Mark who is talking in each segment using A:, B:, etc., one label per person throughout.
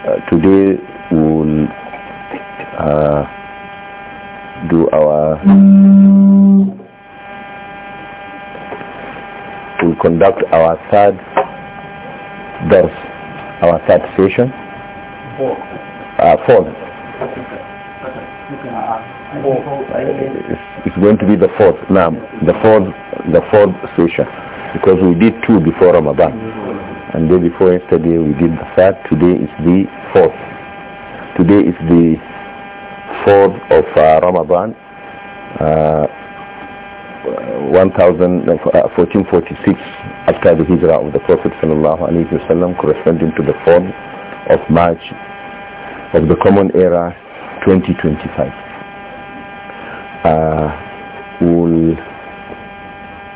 A: Uh, today we will uh, do our we'll conduct our third dars, our third session. Uh, fourth. It's, it's going to be the fourth now, the fourth, the fourth session, because we did two before Ramadan and day before yesterday we did the third. Today is the fourth. Today is the fourth of uh, Ramadan, uh, 1000, uh, 1446 uh, after the Hijrah of the Prophet sallallahu alaihi wasallam, corresponding to the fourth of March of the Common Era 2025. Uh, we'll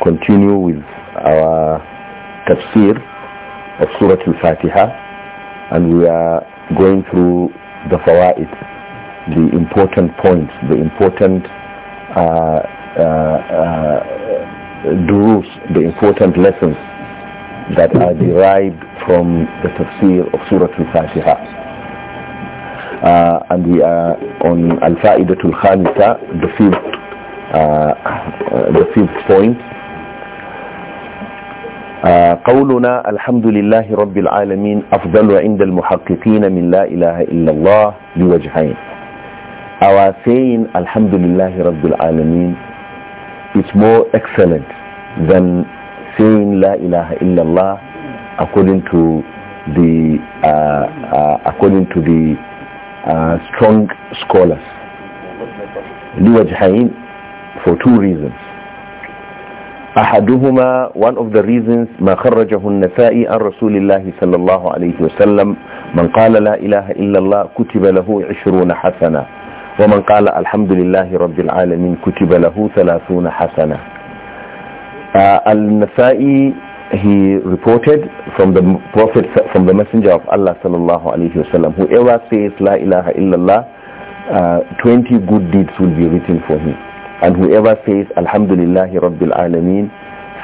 A: continue with our tafsir of Surah Al-Fatiha and we are going through the fawaid, the important points, the important uh, uh, uh the important lessons that are derived from the tafsir of Surah Al-Fatiha. Uh, and we are on Al-Fa'idatul Khamisa, the fifth, uh, uh, the fifth point, آه، قولنا الحمد لله رب العالمين أفضل عند المحققين من لا إله إلا الله لوجهين أواسين الحمد لله رب العالمين It's more excellent than saying لا إله إلا الله according to the uh, uh, according to the uh, strong scholars
B: لوجهين
A: for two reasons أحدهما one of the reasons ما خرجه النسائي عن رسول الله صلى الله عليه وسلم من قال لا إله إلا الله كتب له عشرون حسنة ومن قال الحمد لله رب العالمين كتب له ثلاثون حسنة uh, النسائي he reported from the prophet from the messenger of Allah صلى الله عليه وسلم whoever says لا إله إلا الله uh, آه، 20 good deeds will be written for him And whoever says, Alhamdulillahi Rabbil Alameen,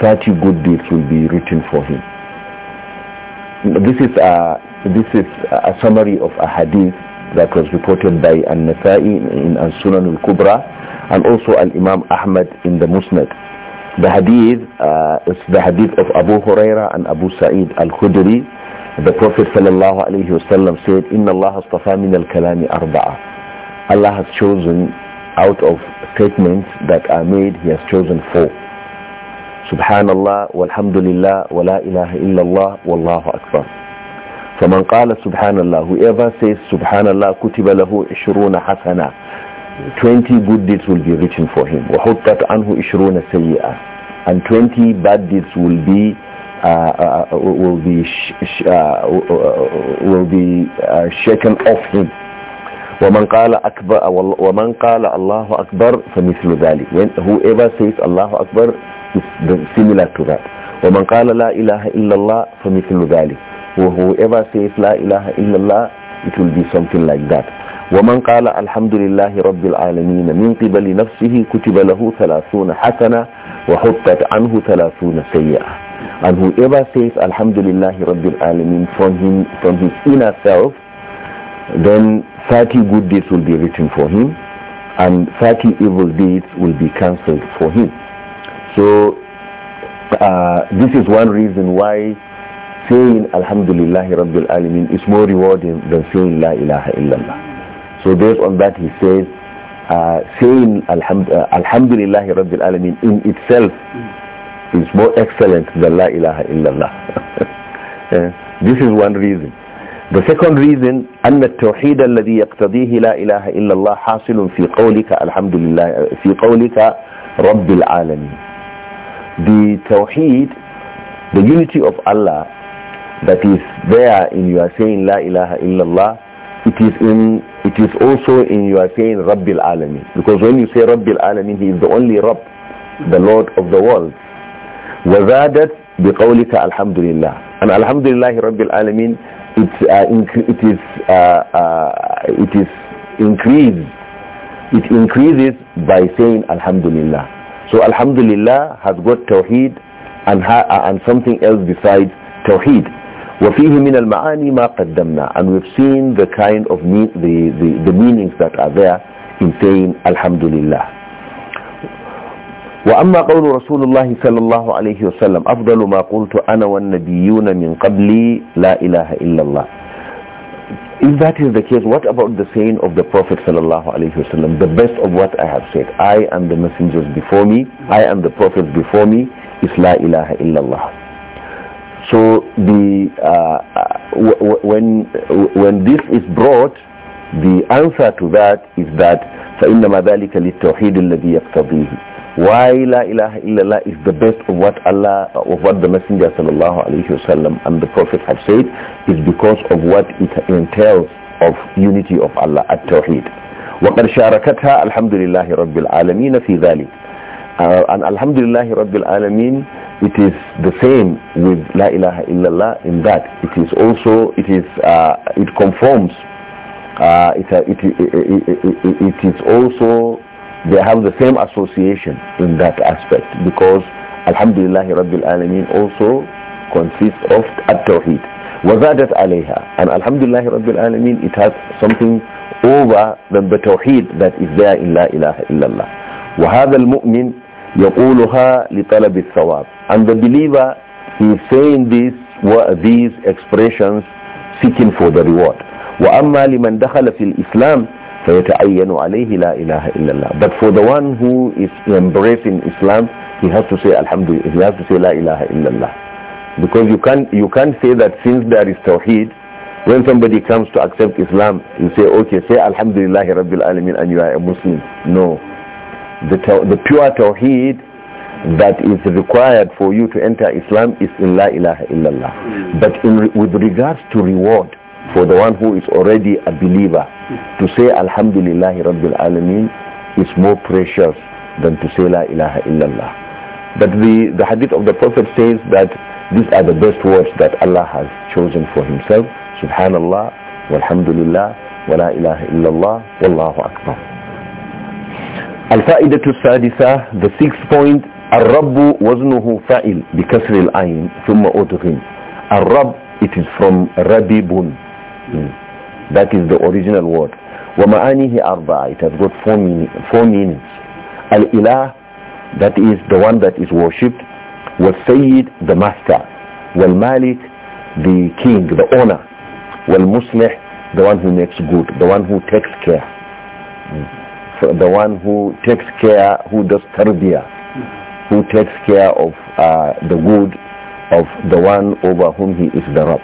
A: 30 good deeds will be written for him. This is a, this is a summary of a hadith that was reported by An-Nasai in Al-Sunan Al-Kubra and also Al-Imam Ahmad in the Musnad. The hadith uh, is the hadith of Abu Huraira and Abu Sa'id Al-Khudri. The Prophet sallallahu alayhi wasallam said, "Inna Allah astafa min al-kalami arba'a." Allah has chosen out of statements that are made, he has chosen four. Subhanallah, walhamdulillah, wa la ilaha illallah, wallahu akbar. فمن قال سبحان الله whoever says سبحان الله كتب له عشرون حسنة 20 good deeds will be written for him وحطت عنه عشرون سيئة and 20 bad deeds will be uh, uh, uh, uh, uh will be uh, will be shaken off him ومن قال أكبر ومن قال الله أكبر فمثل ذلك when whoever says الله أكبر is similar to that ومن قال لا إله إلا الله فمثل ذلك whoever says لا إله إلا الله it will be something like that ومن قال الحمد لله رب العالمين من قبل نفسه كتب له ثلاثون حسنة وحطت عنه ثلاثون سيئة and whoever says الحمد لله رب العالمين from him from his inner self then 30 good deeds will be written for him and 30 evil deeds will be cancelled for him. So uh, this is one reason why saying Alhamdulillahi Rabbil alamin is more rewarding than saying La ilaha illallah. So based on that he says uh, saying alhamdulillah Alhamdulillahi Rabbil alamin in itself is more excellent than La ilaha illallah. yeah. Uh, this is one reason. The second reason أن التوحيد الذي يقتضيه لا إله إلا الله حاصل في قولك الحمد لله في قولك رب العالمين. The توحيد, the unity of Allah that is there in your saying لا إله إلا الله it is in it is also in your saying رب العالمين because when you say رب العالمين he is the only رب the Lord of the world وزادت بقولك الحمد لله and الحمد لله رب العالمين it, uh, it is uh, uh, it is increased it increases by saying alhamdulillah so alhamdulillah has got tawheed and uh, and something else besides tawheed وفيه من المعاني ما قدمنا and we've seen the kind of mean, the, the, the meanings that are there in saying alhamdulillah وأما قول رسول الله صلى الله عليه وسلم أفضل ما قلت أنا والنبيون من قبلي لا إله إلا الله If that is the case, what about the saying of the Prophet sallallahu The best of what I have said, I am the messengers before me, I am the prophets before me, is la ilaha illallah. So the uh, uh when when this is brought, the answer to that is that فإنما ذلك للتوحيد الذي يقتضيه why la ilaha illallah is the best of what Allah uh, of what the messenger sallallahu alaihi wasallam and the prophet have said is because of what it entails of unity of Allah at tawheed وقد شاركتها الحمد لله رب العالمين في ذلك uh, and alhamdulillah rabbil alamin it is the same with la ilaha illallah in that it is also it is uh, it conforms uh, it, it, it, it is also they have the same association in that aspect because Alhamdulillah Rabbil Alameen also consists of At-Tawheed. wazadat عَلَيْهَا And Alhamdulillah Rabbil Alameen it has something over than the Tawheed that is there in La ilaha illallah. وَهَذَا الْمُؤْمِنْ يَقُولُهَا لِطَلَبِ الثَّوَابِ And the believer, he is saying these, these expressions seeking for the reward. وَأَمَّا لِمَنْ دَخَلَ فِي الْإِسْلَامِ فَيَتَعَيَّنُ عَلَيْهِ لَا إِلَهَ إِلَّا اللَّهِ But for the one who is embracing Islam, he has to say Alhamdulillah, he has to say La ilaha illallah. Because you can't, you can't say that since there is Tawheed, when somebody comes to accept Islam, you say, okay, say Alhamdulillah Rabbil Alamin and you are a Muslim. No. The, the pure Tawheed that is required for you to enter Islam is in La ilaha illallah. But in, with regards to reward for the one who is already a believer, to say Alhamdulillah Rabbil Alameen is more precious than to say La ilaha illallah. But the, the hadith of the Prophet says that these are the best words that Allah has chosen for himself. Subhanallah, walhamdulillah, wa la ilaha illallah, wallahu akbar. الفائدة السادسة, the sixth point, الرب وزنه فائل بكسر العين ثم أدغم. الرب, it is from ربيب. That is the original word. وَمَعَانِهِ أَرْبَعَ It has got four, four meanings. Al-Ilah, that is the one that is worshipped. وَالسَّيِّد, the master. وَالْمَالِك, the king, the owner. وَالْمُصْلِح, the one who makes good, the one who takes care. the one who takes care, who does tarbiyah, who takes care of uh, the good of the one over whom he is the Rabb.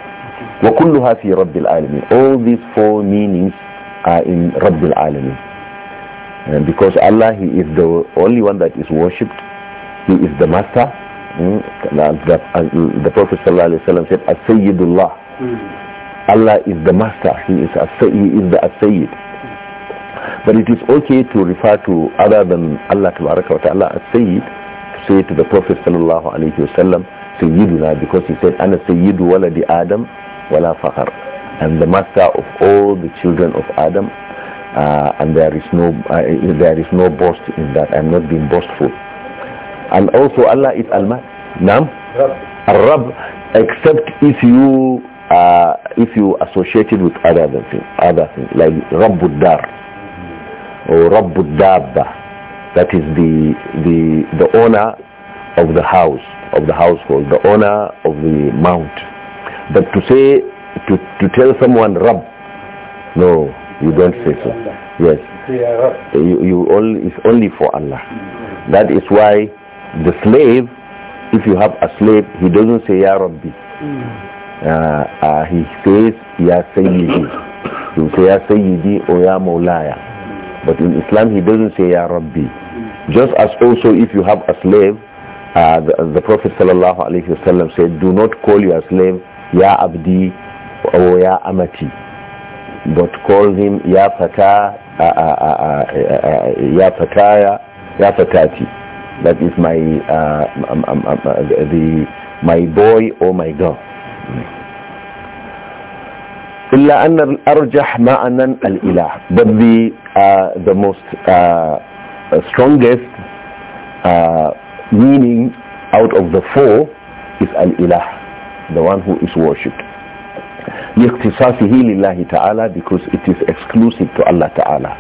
A: وَكُلُّهَا فِي رَبِّ الْعَالَمِينَ All these four meanings are in رَبِّ الْعَالَمِينَ and because Allah He is the only one that is worshipped He is the master mm, the, uh, the Prophet wasallam said As-Sayyidullah
B: mm.
A: Allah is the master He is, he is the As-Sayyid but it is okay to refer to other than Allah Tabaraka wa Ta'ala as Sayyid to say to the Prophet Sallallahu Alaihi Wasallam Sayyiduna because he said Ana Sayyidu Waladi Adam Wala Fakar, And the master of all the children of Adam, uh, and there is no uh, there is no boast in that. I'm not being boastful. And also Allah is al Nam? Al-Rab. Except if you uh, if you associated with other things, other things like Rabbud Dar or Rabbud that is the the the owner of the house, of the household, the owner of the mount. But to say, to, to tell someone Rab, no, you don't say so. Yes. You, you all, it's only for Allah. That is why the slave, if you have a slave, he doesn't say Ya Rabbi. Uh, uh, he says Ya Sayyidi. He will say Ya Sayyidi or Ya Mawlaya. But in Islam he doesn't say Ya Rabbi. Just as also if you have a slave, uh, the, the Prophet sallallahu alaihi wasallam said, do not call your slave ya abdi or ya amati but call him ya fata uh, uh, uh, ya fataya ya fatati that is my uh, um, um, um, uh, the my boy or my girl illa anna al-arjah ma'anan al-ilah but the uh, the most strongest meaning out of the four is al-ilah the one who is worshipped. لاختصاصه لله تعالى because it is exclusive to Allah تعالى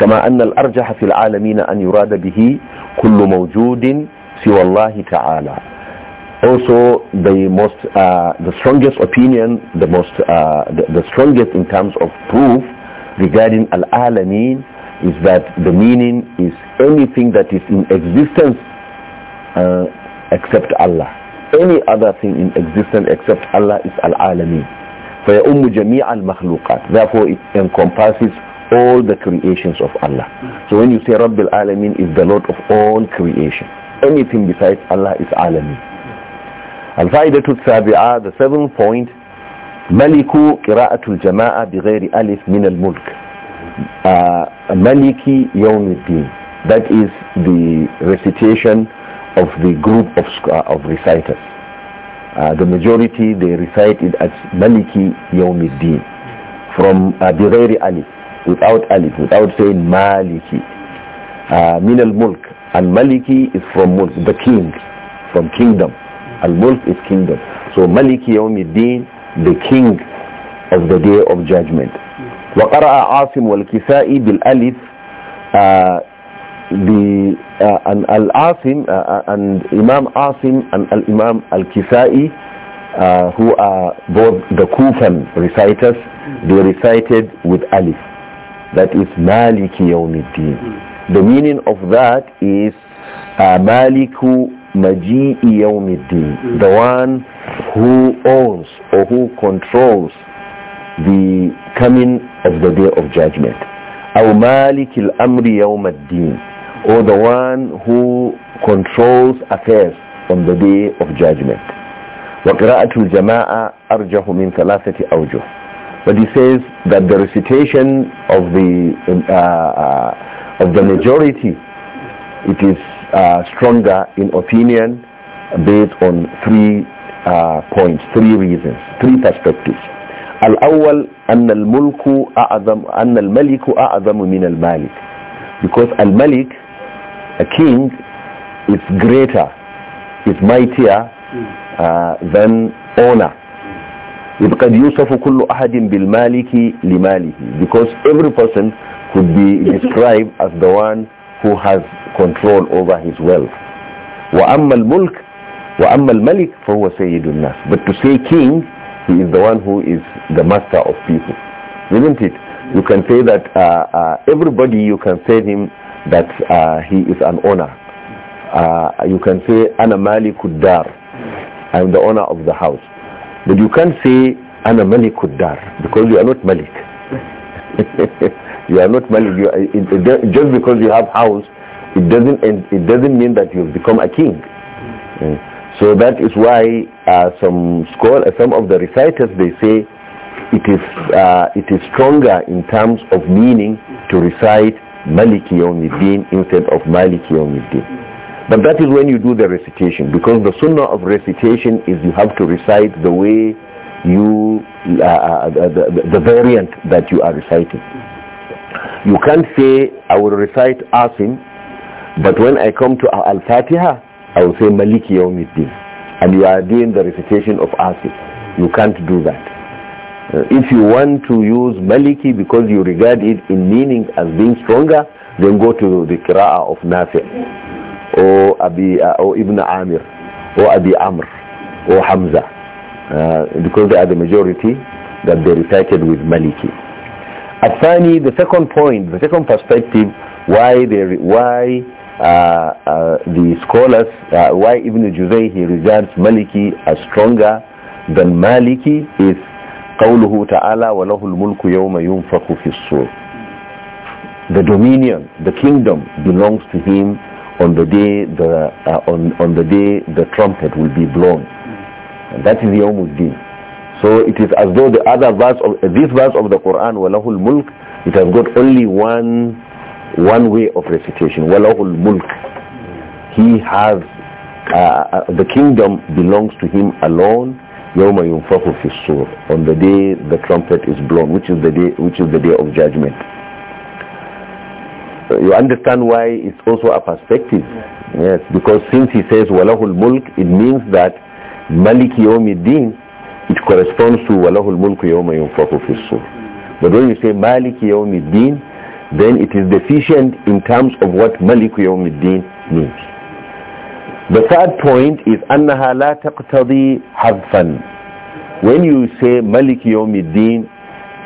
A: كما أن الأرجح في العالمين أن يراد به كل موجود سوى الله تعالى also the most uh, the strongest opinion the most uh, the, the strongest in terms of proof regarding al-alamin is that the meaning is anything that is in existence uh, except Allah any other thing in existence except Allah is Al-Alamin. فَيَأُمُّ جَمِيعَ الْمَخْلُوقَاتِ Therefore it encompasses all the creations of Allah. So when you say Rabb al is the Lord of all creation. Anything besides Allah is Alamin. الفائدة السابعة, the seventh point, ملك قراءة الجماعة بغير ألف من الملك. Uh, ملك يوم الدين. That is the recitation of the group of, uh, of reciters. Uh, the majority, they recite it as Maliki Yawmiddin from uh, Ali, Alif, without Ali, without saying Maliki. Uh, min al-Mulk, al-Maliki is from Mulk, the king, from kingdom. Al-Mulk is kingdom. So Maliki Yawmiddin, the king of the day of judgment. وقرأ عاصم والكسائي بالألف uh, the uh, and Al-Asim uh, uh, and Imam Asim and Al Imam Al-Kisai uh, who are both the Kufan reciters they recited with Alif that is Maliki Yawmiddin the meaning of that is uh, Maliku Maji'i Yawmiddin the one who owns or who controls the coming of the day of judgment أو مالك الأمر يوم الدين or the one who controls affairs on the day of judgment. But he says that the recitation of the, uh, uh, of the majority, it is uh, stronger in opinion based on three uh, points, three reasons, three perspectives. الأول أن الملك أعظم أن الملك أعظم من المالك because الملك a king is greater, is mightier hmm. uh, than honor. قد يوصف bil maliki بالمالك لماله because every person could be described as the one who has control over his wealth وأما الملك وأما الملك فهو سيد الناس but to say king he is the one who is the master of people isn't it you can say that uh, uh, everybody you can say him that uh, he is an owner. Uh, you can say, Ana Malikud Dar. I'm the owner of the house. But you can't say, Ana Malikud Dar, because you are not Malik. you are not Malik. You are, it, it, just because you have house, it doesn't, it doesn't mean that you've become a king. Mm. So that is why uh, some scholars, some of the reciters, they say it is, uh, it is stronger in terms of meaning to recite Maliki Yawmiddin instead of Maliki Yawmiddin. But that is when you do the recitation because the sunnah of recitation is you have to recite the way you, uh, uh the, the variant that you are reciting. You can't say, I will recite Asim, but when I come to Al-Fatiha, I will say Maliki Yawmiddin. And you are doing the recitation of Asim. You can't do that if you want to use Maliki because you regard it in meaning as being stronger, then go to the Qira'ah of Nafi or, Abi, uh, or Ibn Amir or Abi Amr or Hamza uh, because they are the majority that they recited with Maliki. finally, the second point, the second perspective, why, they, why uh, uh, the scholars, uh, why Ibn Juzay he regards Maliki as stronger than Maliki is ta'ala wa lahul mulku yawma sur the dominion the kingdom belongs to him on the day the uh, on on the day the trumpet will be blown and that is yawmuddin so it is as though the other verse of uh, this verse of the Quran walahul mulk it has got only one one way of recitation walahul mulk he has uh, uh, the kingdom belongs to him alone Yoma ينفخ on the day the trumpet is blown which is the day which is the day of judgment you understand why it's also a perspective yes, yes because since he says walahul mulk it means that malik yawmiddin it corresponds to walahul mulk yoma yunfakhu fi sur but when you say malik yawmiddin then it is deficient in terms of what malik yawmiddin means the third point is أنها لا تقتضي حذفا. When you say ملك يوم الدين,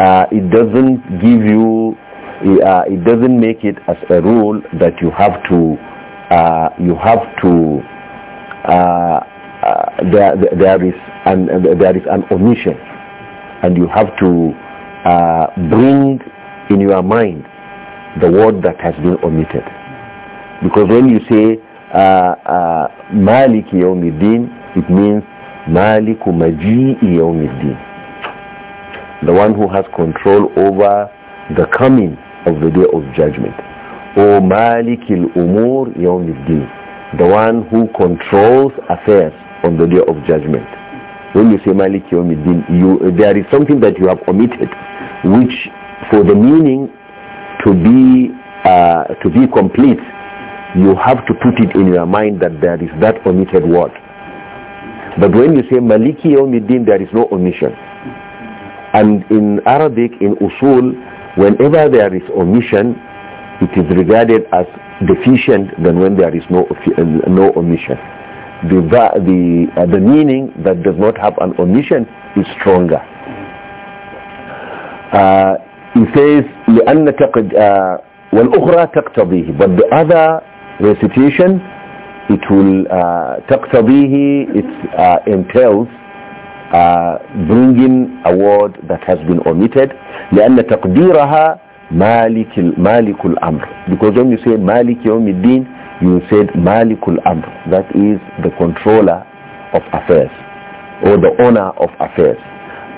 A: uh, it doesn't give you, uh, it doesn't make it as a rule that you have to, uh, you have to, uh, uh, there, there is an there is an omission, and you have to uh, bring in your mind the word that has been omitted, because when you say uh, uh, Malik Yawmiddin, it means Malik Maji'i Yawmiddin. The one who has control over the coming of the day of judgment. O Malik al-Umur Yawmiddin, the one who controls affairs on the day of judgment. When you say Malik Yawmiddin, you, there is something that you have omitted, which for the meaning to be, uh, to be complete, you have to put it in your mind that there is that omitted word. But when you say Maliki Yawmiddin, there is no omission. And in Arabic, in Usul, whenever there is omission, it is regarded as deficient than when there is no, uh, no omission. The, the, uh, the meaning that does not have an omission is stronger. Uh, he says, لأن تقد, uh, والأخرى تقتضيه but the other recitation it will taqtadihi uh, it uh, entails uh, bringing a word that has been omitted لأن تقديرها مالك مالك الأمر because when you say مالك يوم الدين you said مالك الأمر that is the controller of affairs or the owner of affairs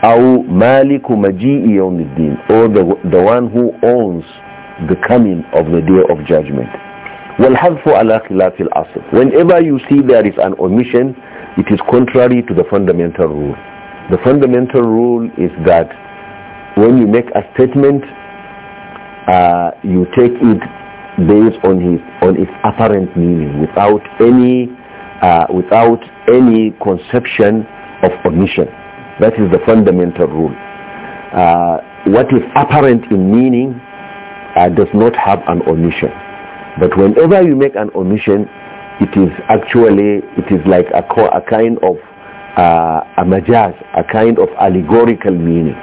A: أو مالك مجيء يوم الدين or the, the one who owns the coming of the day of judgment وَالْحَذْفُ عَلَى خِلَافِ الْأَصْلِ Whenever you see there is an omission, it is contrary to the fundamental rule. The fundamental rule is that when you make a statement, uh, you take it based on, his, on its apparent meaning without any, uh, without any conception of omission. That is the fundamental rule. Uh, what is apparent in meaning uh, does not have an omission. But whenever you make an omission, it is actually, it is like a, a kind of uh, a majaz, a kind of allegorical meaning.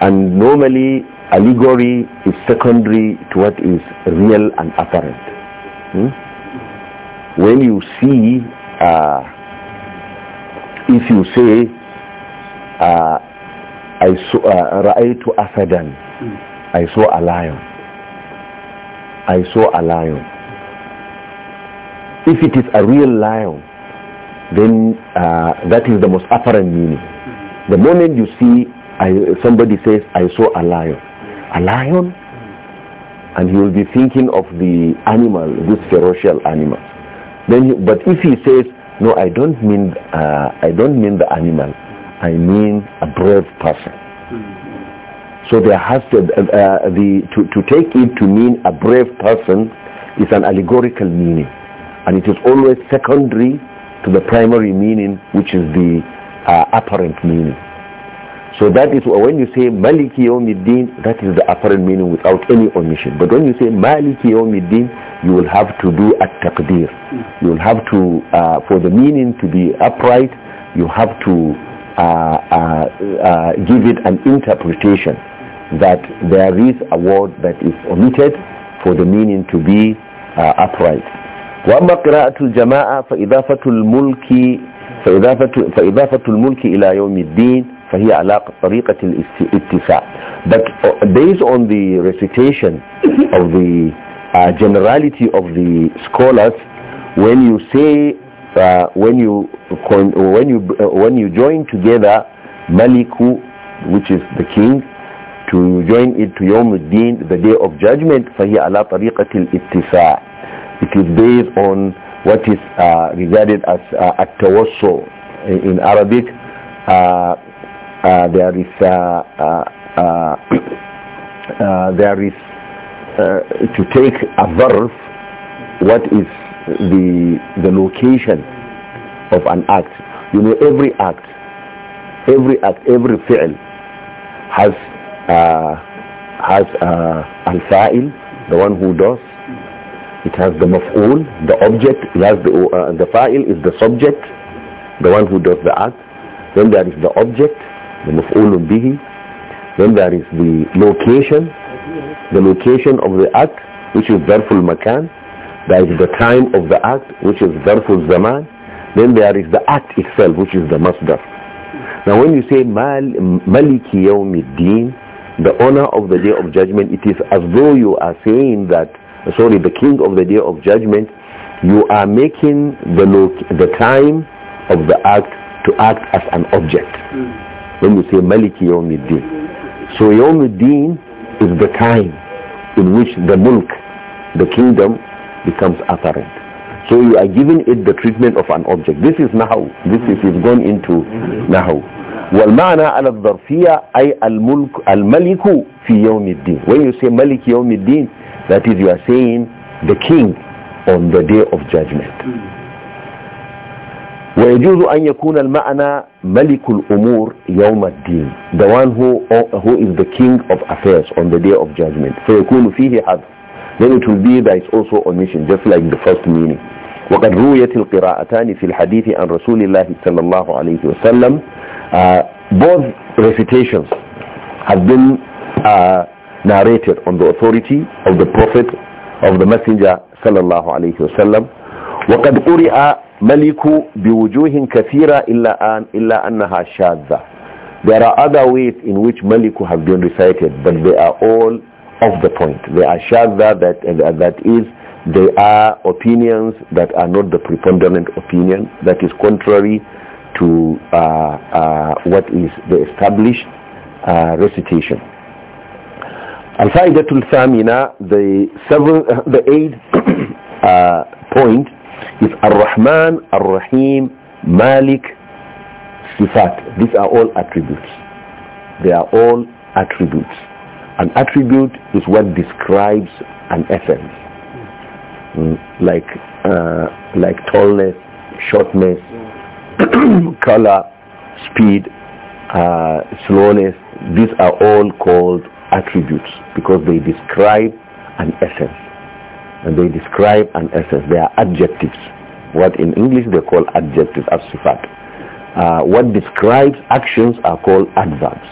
A: And normally, allegory is secondary to what is real and apparent. Hmm? When you see, uh, if you say, uh, I saw, uh, I saw a lion, I saw a lion. If it is a real lion, then uh, that is the most apparent meaning. The moment you see I, somebody says, I saw a lion, a lion? And he will be thinking of the animal, this ferocious animal. Then, he, but if he says, no, I don't mean, uh, I don't mean the animal. I mean a brave person. So there has to, uh, uh, the, to, to take it to mean a brave person is an allegorical meaning. And it is always secondary to the primary meaning, which is the uh, apparent meaning. So that is when you say Maliki Yawmiddin, that is the apparent meaning without any omission. But when you say Maliki Yawmiddin, you will have to do at taqdir. You will have to, uh, for the meaning to be upright, you have to uh, uh, uh give it an interpretation that there is a word that is omitted for the meaning to be uh, upright. وأما قراءة الجماعة فإضافة الملك فإضافة, فإضافة الملك إلى يوم الدين فهي على طريقة الاتساع. But uh, based on the recitation of the uh, generality of the scholars, when you say, uh, when you when you uh, when you join together Maliku, which is the king, to join it to your al the day of judgment, فَهِيَ عَلَى طَرِيقَةِ الْإِتِّفَاءِ It is based on what is uh, regarded as uh, at In, in, Arabic, uh, uh, there is, uh, uh, uh, there is to take a verb, what is the, the location of an act. You know, every act, every act, every fi'l has uh, has uh, al-fa'il, the one who does. It has the maf'ul, the object. It has the, uh, the fa'il is the subject, the one who does the act. Then there is the object, the maf'ul bihi. Then there is the location, the location of the act, which is darfur makan. There is the time of the act, which is darfur zaman. Then there is the act itself, which is the masdar. Now when you say mal, maliki din the honor of the day of judgment, it is as though you are saying that, sorry, the king of the day of judgment, you are making the, look, the time of the act to act as an object. Hmm. When you say Maliki Yawmiddin. So Yawmiddin is the time in which the mulk, the kingdom, becomes apparent. So you are giving it the treatment of an object. This is Nahu. This is, is gone into hmm. Nahu. والمعنى على الظرفية أي الملك, الملك في يوم الدين when you say ملك يوم الدين that is you are saying the king on the day of judgment ويجوز أن يكون المعنى ملك الأمور يوم الدين the one who, who is the king of affairs on the day of judgment فيكون فيه حذف then it will be that it's also omission just like the first meaning وقد رويت القراءتان في الحديث عن رسول الله صلى الله عليه وسلم Uh, both recitations have been uh, narrated on the authority of the Prophet, of the Messenger sallallahu alayhi wasallam. وقد قرئ ملك بوجوه كثيرة إلا أن إلا أنها شاذة. There are other ways in which Maliku have been recited, but they are all off the point. They are shadda, that, uh, that is, they are opinions that are not the preponderant opinion, that is contrary to uh, uh, what is the established uh, recitation. Al-Fa'idatul Thamina, the, seven, uh, the eighth uh, point is Ar-Rahman, Ar-Rahim, Malik, Sifat. These are all attributes. They are all attributes. An attribute is what describes an essence, mm, like, uh, like tallness, shortness, color, speed, uh, slowness, these are all called attributes because they describe an essence. And they describe an essence. They are adjectives. What in English they call adjectives, absifat. Uh, what describes actions are called adverbs.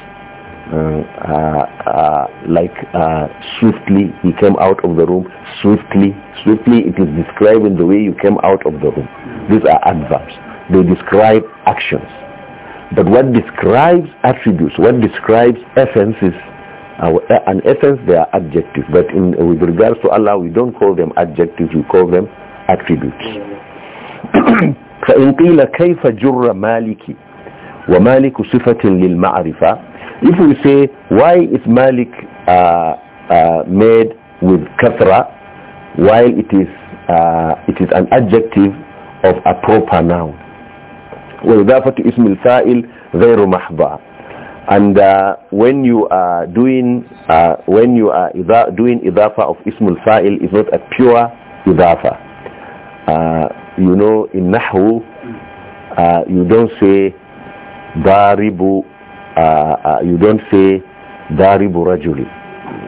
A: Uh, uh, uh like uh, swiftly, he came out of the room. Swiftly, swiftly, it is describing the way you came out of the room. These are adverbs they describe actions. But what describes attributes, what describes essences, uh, an essence, they are adjectives. But in, with regards to Allah, we don't call them adjectives, we call them attributes. فإن قيل كيف جر مالكي ومالك صفة للمعرفة if we say why is Malik uh, uh, made with kathra while it is uh, it is an adjective of a proper noun وإضافة اسم الفائل غير محضة and uh, when you are doing uh, when you are idha doing إضافة of اسم fa'il is not a pure إضافة uh, you know in نحو uh, you don't say uh, uh, you don't say رجلي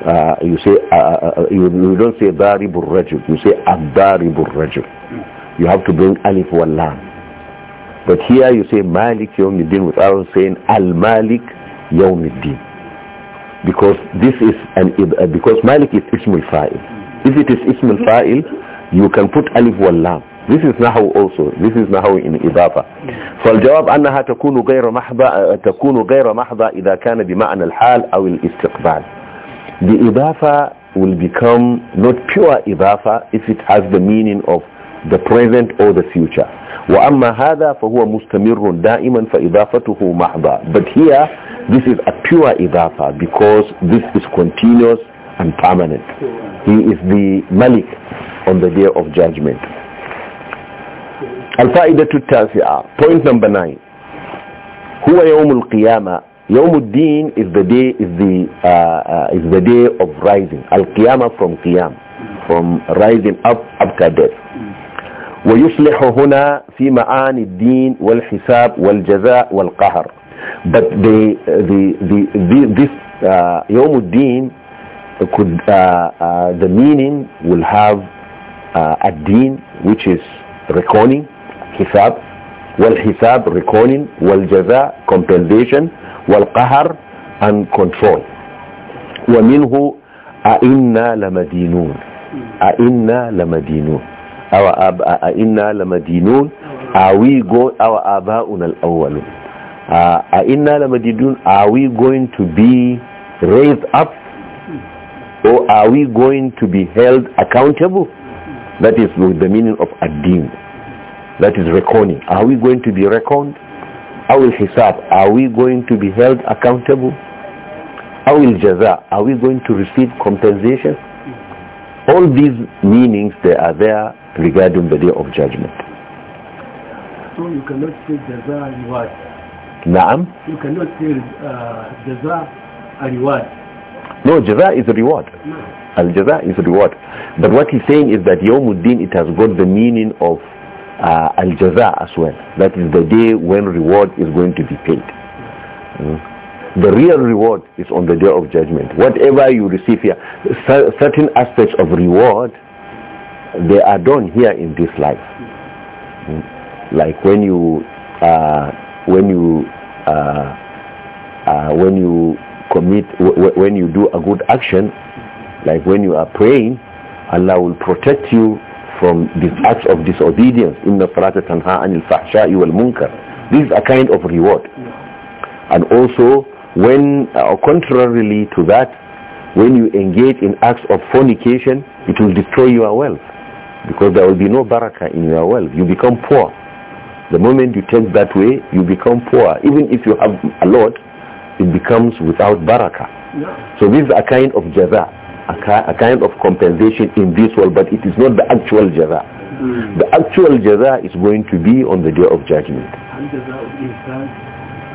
A: Uh, you say uh, uh, you, you, don't say daribu rajul you say adaribu rajul you have to bring alif wal lam But here you say Malik Yawmiddin without saying Al-Malik Yawmiddin. Because this is an, uh, because Malik is Ismul Fa'il. If it is Ismul Fa'il, you can put Alif wal Lam. This is Nahu also. This is Nahu in Idafa. So أنها تكون غير محضة تكون غير محضة إذا كان hal الحال أو The Idafa will become not pure Idafa if it has the meaning of the present or the future. وأما هذا فهو مستمر دائما فإضافته محضة but here this is a pure idafa because this is continuous and permanent he is the Malik on the day of judgment الفائدة التاسعة point number nine هو يوم القيامة يوم الدين is the day is the uh, uh, is the day of rising al qiyamah from qiyam from rising up after death ويصلح هنا في معاني الدين والحساب والجزاء والقهر but the, the, the, the, this uh, يوم الدين could, uh, uh, the meaning will have uh, deen which is reckoning حساب والحساب reckoning والجزاء compensation والقهر and control ومنه أئنا لمدينون أئنا لمدينون Uh, inna lamadinun are we go aba'un al uh, inna lamadinun are we going to be raised up or are we going to be held accountable that is the meaning of ad-din that is reckoning are we going to be reckoned awil hisab are we going to be held accountable awil jaza are we going to receive compensation all these meanings, they are there regarding the day of judgment.
B: So you cannot say jaza reward. Naam? You cannot say uh, jaza a reward.
A: No, jaza is a reward. No. Al-jaza is a reward. But what he's saying is that Yawmuddin, it has got the meaning of uh, al-jaza as well. That is the day when reward is going to be paid. Mm. The real reward is on the day of judgment. Whatever you receive here, certain aspects of reward, they are done here in this life. Hmm. Like when you, uh, when you, uh, uh, when you commit, when you do a good action, like when you are praying, Allah will protect you from these acts of disobedience. Inna salata tanha anil fahsha'i wal munkar. This is a kind of reward. And also, when uh, contrarily to that when you engage in acts of fornication it will destroy your wealth because there will be no barakah in your wealth you become poor the moment you take that way you become poor even if you have a lot it becomes without barakah so this is a kind of jaza a, ki a, kind of compensation in this world but it is not the actual jaza mm. the actual jaza is going to be on the day of judgment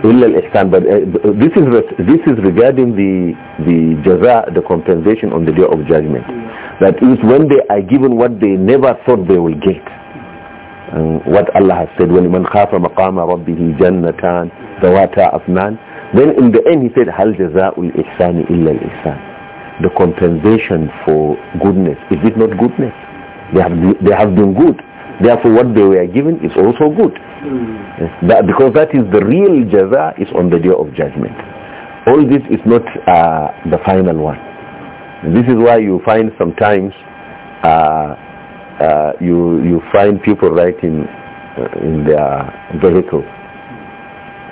A: illa al-ihsan but uh, this is this is regarding the the jaza the compensation on the day of judgment that is when they are given what they never thought they will get what Allah has said when man khafa maqama rabbih jannatan dawata afnan then in the end he said hal ul ihsani illa al-ihsan the compensation for goodness is it not goodness they have they have been good therefore what they were given is also good that, because that is the real jaza is on the day of judgment. All this is not uh, the final one. this is why you find sometimes uh, uh, you you find people writing uh, in their vehicle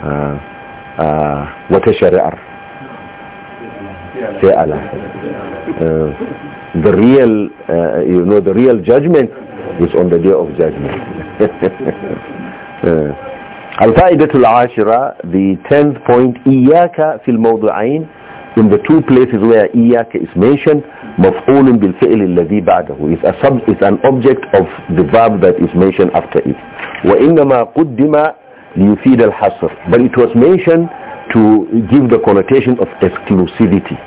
A: uh, uh, What is shari'ar sai Allah the real you know the real judgment is on the day of judgment الفائدة uh, العاشرة the tenth point إياك في الموضعين in the two places where إياك is mentioned مفعول بالفعل الذي بعده is a sub is an object of the verb that is mentioned after it وإنما قدم ليفيد الحصر but it was mentioned to give the connotation of exclusivity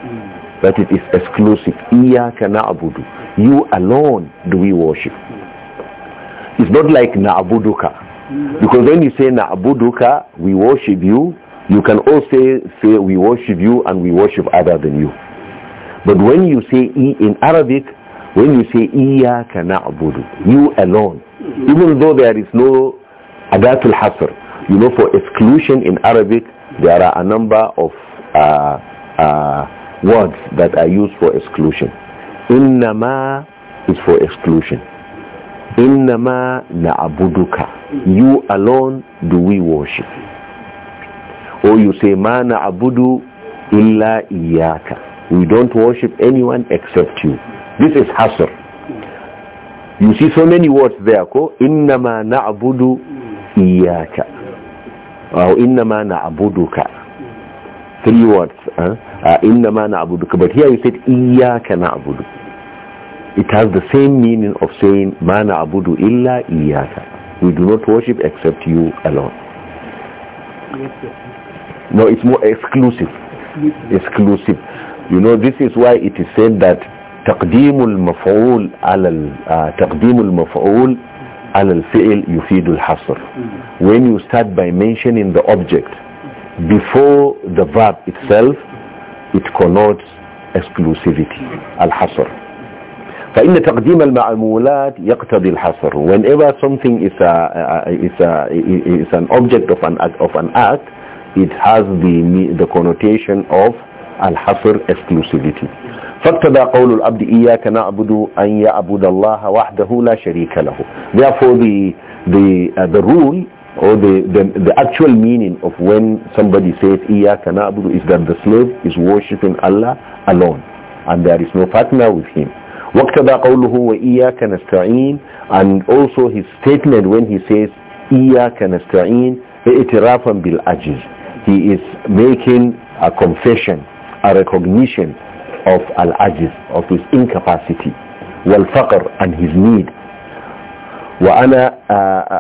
A: that it is exclusive إياك نعبد you alone do we worship it's not like نعبدك because when you say Na'buduka, we worship you, you can also say we worship you and we worship other than you. But when you say in Arabic, when you say Iyaka Na'budu, you alone, even though there is no Adatul Hasr, you know for exclusion in Arabic, there are a number of uh, uh, words that are used for exclusion. Innama is for exclusion innama na'buduka you alone do we worship or oh, you say ma na'budu illa iyyaka we don't worship anyone except you this is hasr you see so many words there ko innama na'budu iyyaka or innama na'buduka three words huh? uh, innama na'buduka but here you said iyyaka na'budu it has the same meaning of saying mana abudu illa iyaka we do not worship except you alone no it's more exclusive exclusive you know this is why it is said that تقديم المفعول على تقديم المفعول على الفعل يفيد الحصر when you start by mentioning the object before the verb itself it connotes exclusivity al-hasr فإن تقديم المعمولات يقتضي الحصر whenever something is, a, is, a, is an object of an, of an act it has the, the connotation of الحصر exclusivity فاقتضى قول العبد إياك نعبد أن يعبد الله وحده لا شريك له therefore the, the, uh, the rule or the, the, the actual meaning of when somebody says إياك نعبد is that the slave is worshipping Allah alone and there is no partner with him and also his statement when he says, إِيَّاكَ نَسْتَعِينَ اِعْتِرَافًا بِالْعَجِزِ He is making a confession, a recognition of al-ajiz, of his incapacity, wal-faqr, and his need. وأنا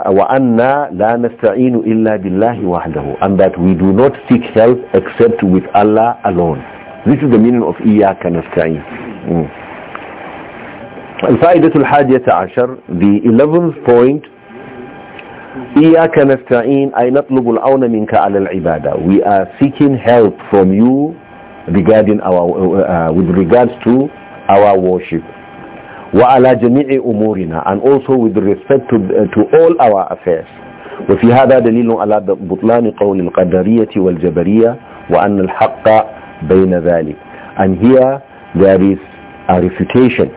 A: وأنا لا نستعين إلا بالله وحده and that we do not seek help except with Allah alone. This is the meaning of إياك نستعين. Mm. الفائدة الحادية عشر the 11th point إياك نستعين أي نطلب العون منك على العبادة we are seeking help from you regarding our uh, uh, with regards to our worship وعلى جميع أمورنا and also with respect to, uh, to all our affairs وفي هذا دليل على بطلان قول القدرية والجبرية وأن الحق بين ذلك and here there is a refutation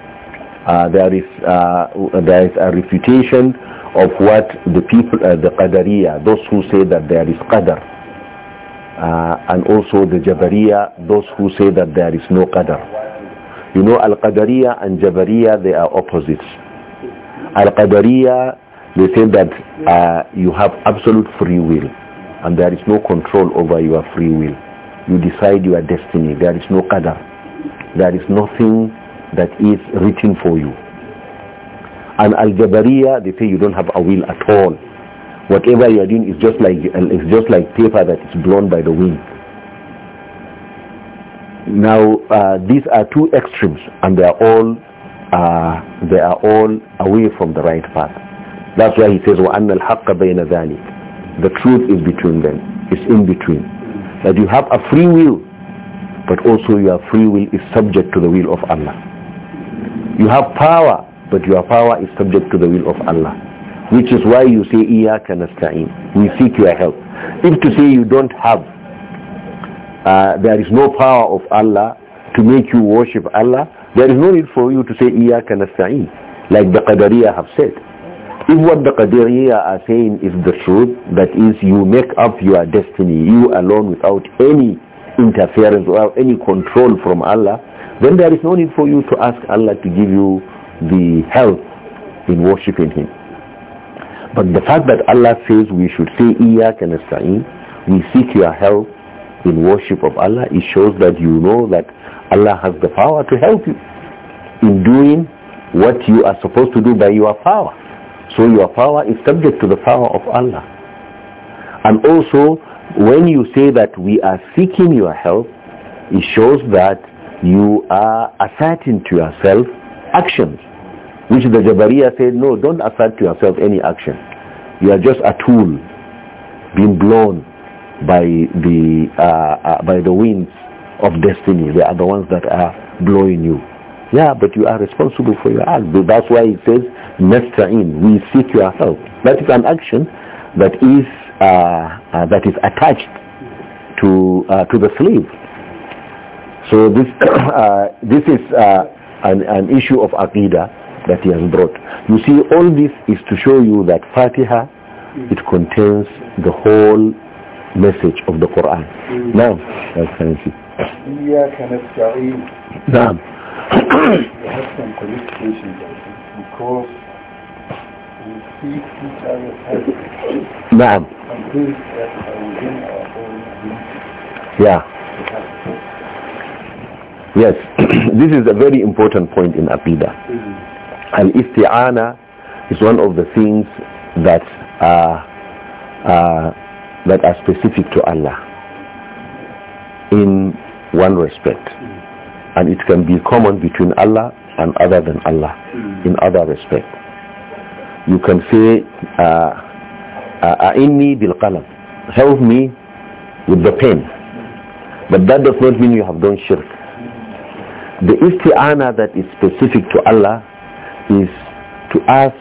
A: uh, there is uh, there is a refutation of what the people uh, the Qadariya those who say that there is Qadar uh, and also the Jabariya those who say that there is no Qadar you know Al-Qadariya and Jabariya they are opposites Al-Qadariya they say that uh, you have absolute free will and there is no control over your free will you decide your destiny there is no Qadar there is nothing that is written for you. And Al-Jabariya, they say you don't have a will at all. Whatever you are doing is just like it's just like paper that is blown by the wind. Now uh, these are two extremes, and they are all uh, they are all away from the right path. That's why he says, وَأَنَّ الْحَقَّ بَيْنَ ذَلِكَ The truth is between them. It's in between. That you have a free will, but also your free will is subject to the will of Allah. You have power, but your power is subject to the will of Allah. Which is why you say, Iyaka nasta'in. We seek your help. If to say you don't have, uh, there is no power of Allah to make you worship Allah, there is no need for you to say, Iyaka nasta'in, like the Qadariya have said. If what the Qadariya are saying is the truth, that is, you make up your destiny, you alone without any interference, without any control from Allah, then there is no need for you to ask Allah to give you the help in worshipping Him. But the fact that Allah says we should say Iyyaka nasta'in, we seek your help in worship of Allah, it shows that you know that Allah has the power to help you in doing what you are supposed to do by your power. So your power is subject to the power of Allah. And also, when you say that we are seeking your help, it shows that you are asserting to yourself actions, which the Jabariya said, no, don't assert to yourself any action. You are just a tool being blown by the, uh, uh, by the winds of destiny. They are the ones that are blowing you. Yeah, but you are responsible for your act. That's why it says, Nesta'in, we seek your help. That is an action that is, uh, uh that is attached to, uh, to the slave. So this, uh, this is uh, an, an issue of Aqidah that he has brought. You see, all this is to show you that Fatiha, it contains the whole message of the Quran. Mm. Now, can that's see?
B: Now, have some because we seek each other's help. Now, yeah.
A: Yes, this is a very important point in Abida.
B: Mm-hmm.
A: Al-isti'ana is one of the things that are, that are specific to Allah in one respect. Mm-hmm. And it can be common between Allah and other than Allah mm-hmm. in other respect. You can say, uh, uh, A'inni bil qalam. Help me with the pen. But that does not mean you have done shirk. The isti'ana that is specific to Allah is to ask,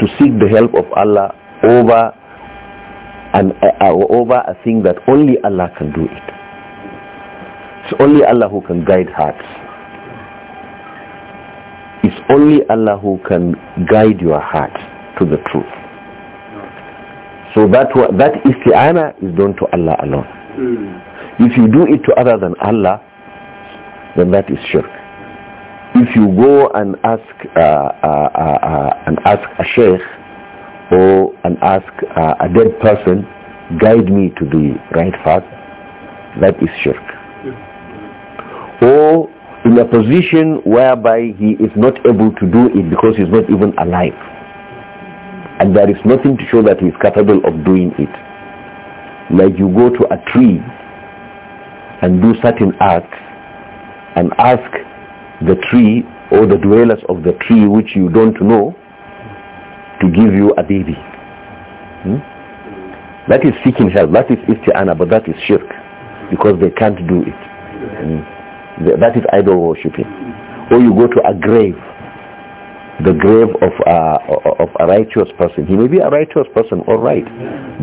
A: to seek the help of Allah over and uh, over a thing that only Allah can do it. It's only Allah who can guide hearts. It's only Allah who can guide your heart to the truth. So that, that isti'ana is done to Allah alone.
B: Hmm.
A: If you do it to other than Allah, then that is shirk. If you go and ask uh uh, uh, uh, and ask a sheikh or and ask uh, a dead person, guide me to the right path, that is shirk. Or in a position whereby he is not able to do it because he's not even alive. And there is nothing to show that he is capable of doing it. Like you go to a tree and do certain acts and ask the tree or the dwellers of the tree which you don't know to give you a baby. Hmm? That is seeking help. That is isti'ana, but that is shirk because they can't do it. Hmm? That is idol worshipping. Or you go to a grave, the grave of a, of a righteous person. He may be a righteous person, all right,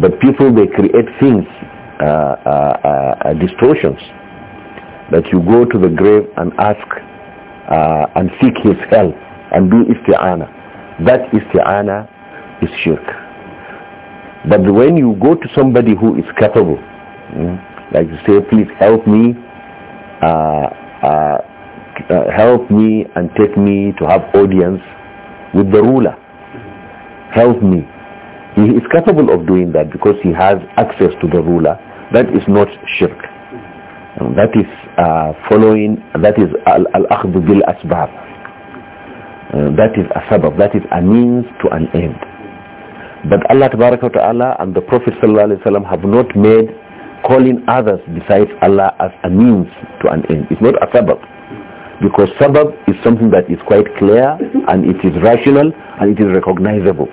A: but people they create things, uh, uh, uh, distortions that you go to the grave and ask uh, and seek his help and do isti'ana. That isti'ana is shirk. But when you go to somebody who is capable, mm, like you say, please help me, uh, uh, uh, help me and take me to have audience with the ruler. Help me. He is capable of doing that because he has access to the ruler. That is not shirk that is uh, following, that is al-akhdu bil asbab. Uh, that is a sabab, that is a means to an end. But Allah Ta'ala and the Prophet Sallallahu Alaihi Wasallam have not made calling others besides Allah as a means to an end. It's not a sabab. Because sabab is something that is quite clear and it is rational and it is recognizable.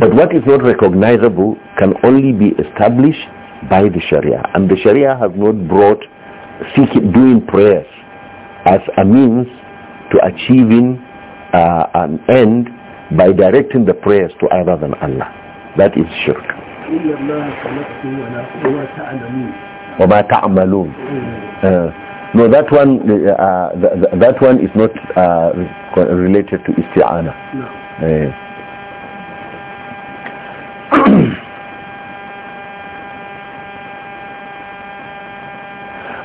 A: But what is not recognizable can only be established by the Sharia. And the Sharia has not brought Seeking doing prayers as a means to achieving uh, an end by directing the prayers to other than Allah. That is shirk. وما تعملون mm. uh, no that one uh, uh that, that one is not uh, related to isti'ana no. Uh,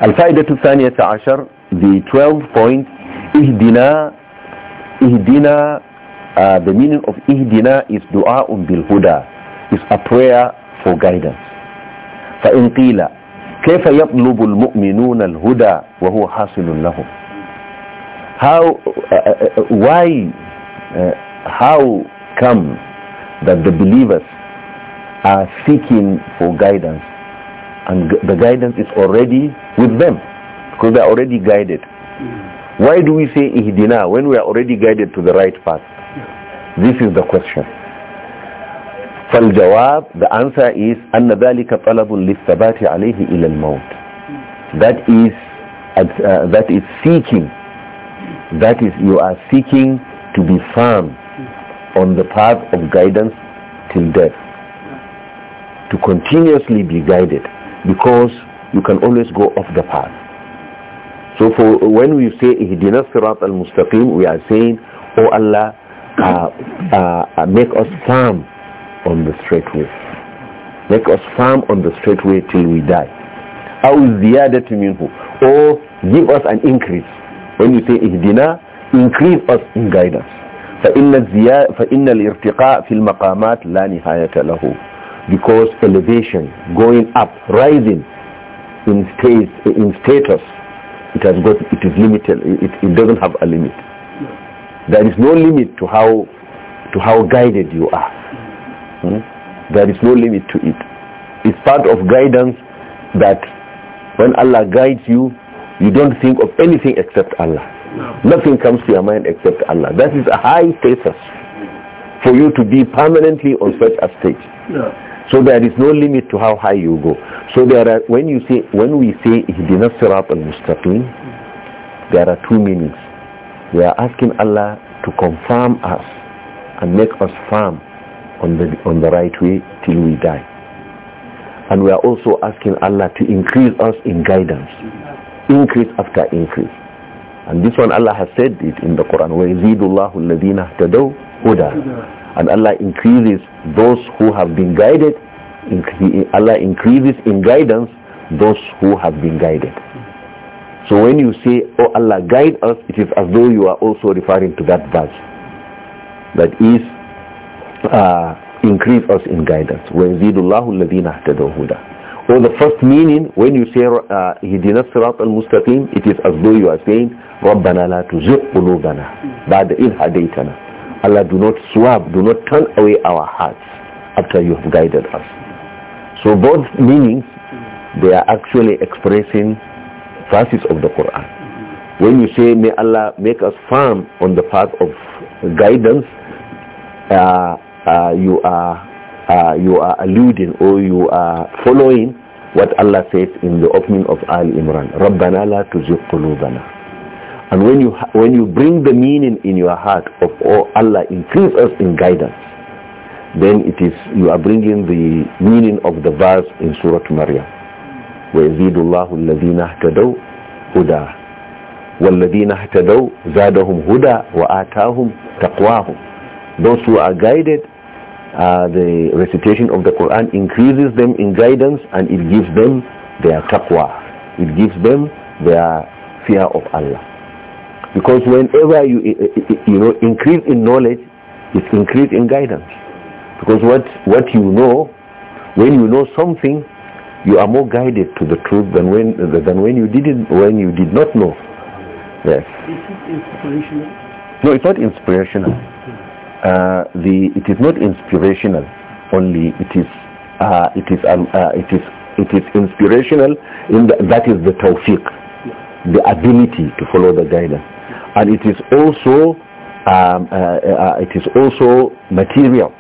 A: الفائدة الثانية عشر the 12 points اهدنا اهدنا uh, the meaning of اهدنا is دعاء بالهدى is a prayer for guidance فإن قيل كيف يطلب المؤمنون الهدى وهو حاصل لهم how uh, uh, uh, why uh, how come that the believers are seeking for guidance and the guidance is already with them because they are already guided. Why do we say ihdina when we are already guided to the right path? This is the question. فالجواب, the answer is أن ذلك طلب للثبات عليه إلى الموت. That is, uh, that is seeking. That is, you are seeking to be firm on the path of guidance till death. To continuously be guided because you can always go off the path. So for when we say Ihdina Sirat al-Mustaqim, we are saying, Oh Allah, uh, uh, uh, make us firm on the straight way. Make us firm on the straight way till we die. أو زيادة منه Oh, give us an increase. When you say Ihdina, increase us in guidance. فإن, الزيا... فإن الارتقاء في المقامات لا نهاية له because elevation, going up, rising in space, in status, it has got, it is limited. It, it doesn't have a limit. There is no limit to how, to how guided you are. Hmm? There is no limit to it. It's part of guidance that when Allah guides you, you don't think of anything except
B: Allah. No.
A: Nothing comes to your mind except Allah. That is a high status for you to be permanently on such a stage. No. So there is no limit to how high you go. So there are, when you say, when we say Ihdina Sirat al-Mustaqim, there are two meanings. We are asking Allah to confirm us and make us firm on the, on the right way till we die. And we are also asking Allah to increase us in guidance. Increase after increase. And this one Allah has said it in the Quran. وَيَزِيدُ اللَّهُ الَّذِينَ اهْتَدَوْا
B: هُدًى
A: and Allah increases those who have been guided. Allah increases in guidance those who have been guided. So when you say, Oh Allah, guide us, it is as though you are also referring to that verse. That is, uh, increase us in guidance. وَيَزِيدُ اللَّهُ الَّذِينَ اهْتَدَوْا or the first meaning, when you say Hidina uh, Sirat al-Mustaqim, it is as though you are saying, رَبَّنَا لَا تُزِغْ قُلُوبَنَا بَعْدَ إِذْ هَدَيْتَنَا Allah do not swab, do not turn away our hearts after you have guided us. So both meanings, they are actually expressing verses of the Quran. When you say, may Allah make us firm on the path of guidance, uh, uh, you, are, uh, you are alluding or you are following what Allah says in the opening of Al Imran. رَبَّنَا لَا تُزِغْ قُلُوبَنَا and when you, when you bring the meaning in your heart of oh, Allah increase us in guidance, then it is, you are bringing the meaning of the verse in Surah Maryam. ويزيد الله الذين اهتدوا هدى والذين اهتدوا زادهم هدى وآتاهم تقواهم Those who are guided, uh, the recitation of the Quran increases them in guidance and it gives them their taqwa. It gives them their fear of Allah. Because whenever you, you know, increase in knowledge, it's increase in guidance. Because what, what you know, when you know something, you are more guided to the truth than when, than when you didn't, when you did not know. Yes. Is
B: it inspirational?
A: No, it's not inspirational. Uh, the, it is not inspirational only. It is, uh, it is, um, uh, it is, it is inspirational in the, that is the tawfiq, the ability to follow the guidance and it is also um, uh, uh, it is also material.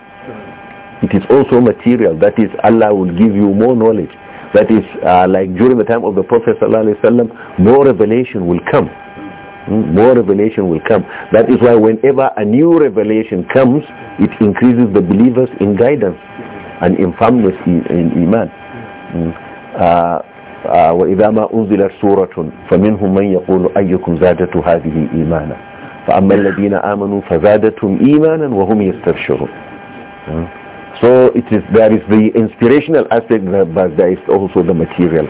A: It is also material. That is, Allah will give you more knowledge. That is, uh, like during the time of the Prophet ﷺ, more revelation will come. Hmm? More revelation will come. That is why whenever a new revelation comes, it increases the believers in guidance and in firmness in, in Iman. Mm. آه، وإذا ما أنزلت سورة فمنهم من يقول أيكم زادت هذه إيمانا فأما الذين آمنوا فزادتهم إيمانا وهم يستبشرون آه. So it is, there is the inspirational aspect, but there is also the material.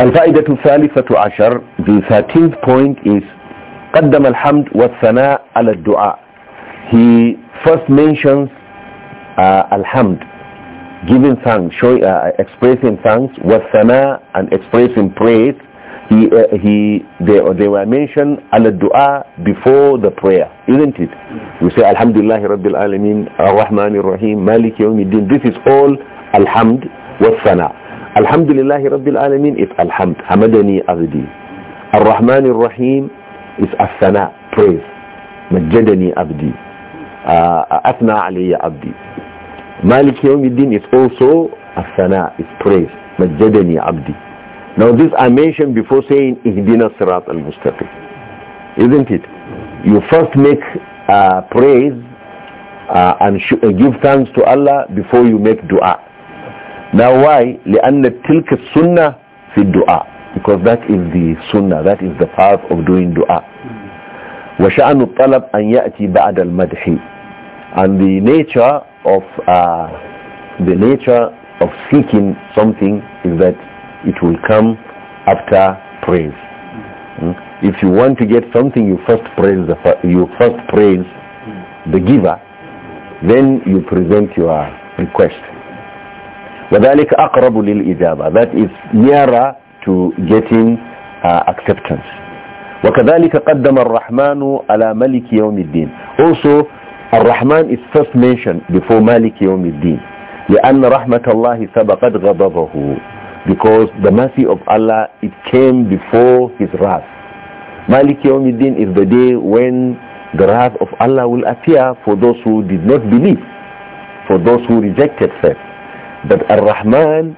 A: الفائدة الثالثة عشر, the 13th point is قدم الحمد والثناء على الدعاء. He first mentions uh, الحمد giving thanks, showing, uh, expressing thanks, wasana and expressing praise. He, uh, he, they, they were mentioned al-du'a before the prayer, isn't it? We say Alhamdulillah Rabbil alamin, Ar-Rahman rahim Malik Yawmiddin. This is all Alhamd wasana. Alhamdulillah Rabbil alamin is Alhamd, Hamadani Abdi. Ar-Rahman rahim is As-Sana, praise. majadani Abdi. Uh, Athna Aliya Abdi. Malik Yawmiddin is also asana, is praise. Majadani abdi. Now this I mentioned before saying Ihdina Sirat al-Mustaqim. Isn't it? You first make uh, praise uh, and give thanks to Allah before you make dua. Now why? لأن تلك السنة في الدعاء. Because that is the sunnah, that is the path of doing dua. وشأن الطلب أن يأتي بعد المدح. And the nature of uh, the nature of seeking something is that it will come after praise. Mm? If you want to get something, you first praise the you first praise the giver, then you present your request. that is nearer to getting uh, acceptance وكذلك قدم الرحمن على ملك يوم الدين also Ar-Rahman is first mentioned before Malik Yawmiddin. لأن رحمة الله سبقت غضبه because the mercy of Allah it came before his wrath. Malik Yawmiddin is the day when the wrath of Allah will appear for those who did not believe, for those who rejected faith. But Ar-Rahman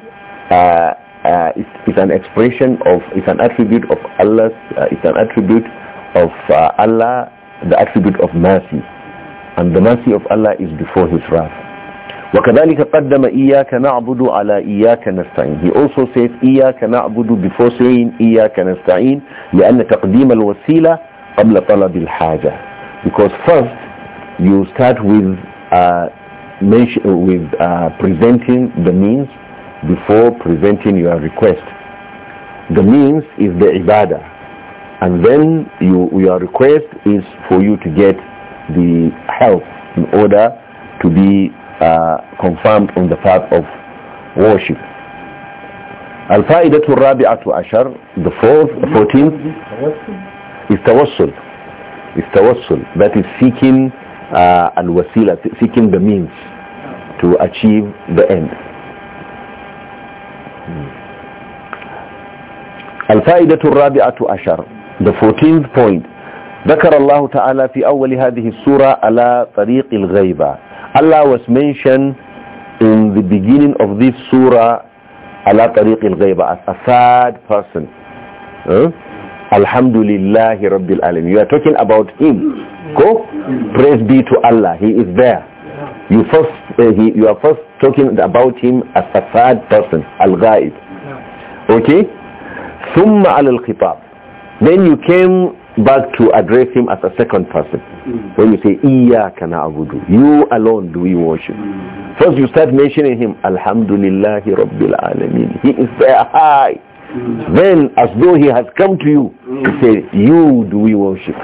A: uh, uh, is, an expression of, is an attribute of Allah, uh, is an attribute of uh, Allah, the attribute of mercy and the mercy of Allah is before his wrath. وَكَذَلِكَ قَدَّمَ إِيَّاكَ نَعْبُدُ عَلَى إِيَّاكَ نَسْتَعِينَ He also says إِيَّاكَ نَعْبُدُ before saying إِيَّاكَ نَسْتَعِينَ لأن تقديم الوسيلة قبل طلب الحاجة Because first you start with uh, with uh, presenting the means before presenting your request. The means is the ibadah and then you, your request is for you to get the help in order to be uh, confirmed on the path of worship. الفائدة الرابعة عشر the fourth, fourteenth is tawassul is tawassul that is seeking uh, al-wasila seeking the means to achieve the end الفائدة الرابعة عشر the fourteenth point ذكر الله تعالى في أول هذه السورة على طريق الغيبة Allah was mentioned in the beginning of this surah على طريق الغيبة as a third person huh? Alhamdulillah Rabbil Alamin you are talking about him go praise be to Allah he is there you first uh, he, you are first talking about him as a third person al-ghaib okay ثم على الخطاب then you came back to address him as a second person. Mm. When you say, Iyaka na'budu, you alone do we worship. Mm. First you start mentioning him, Alhamdulillahi Rabbil Alameen. He is there high. Mm. Then as though he has come to you, mm. he say you do we worship.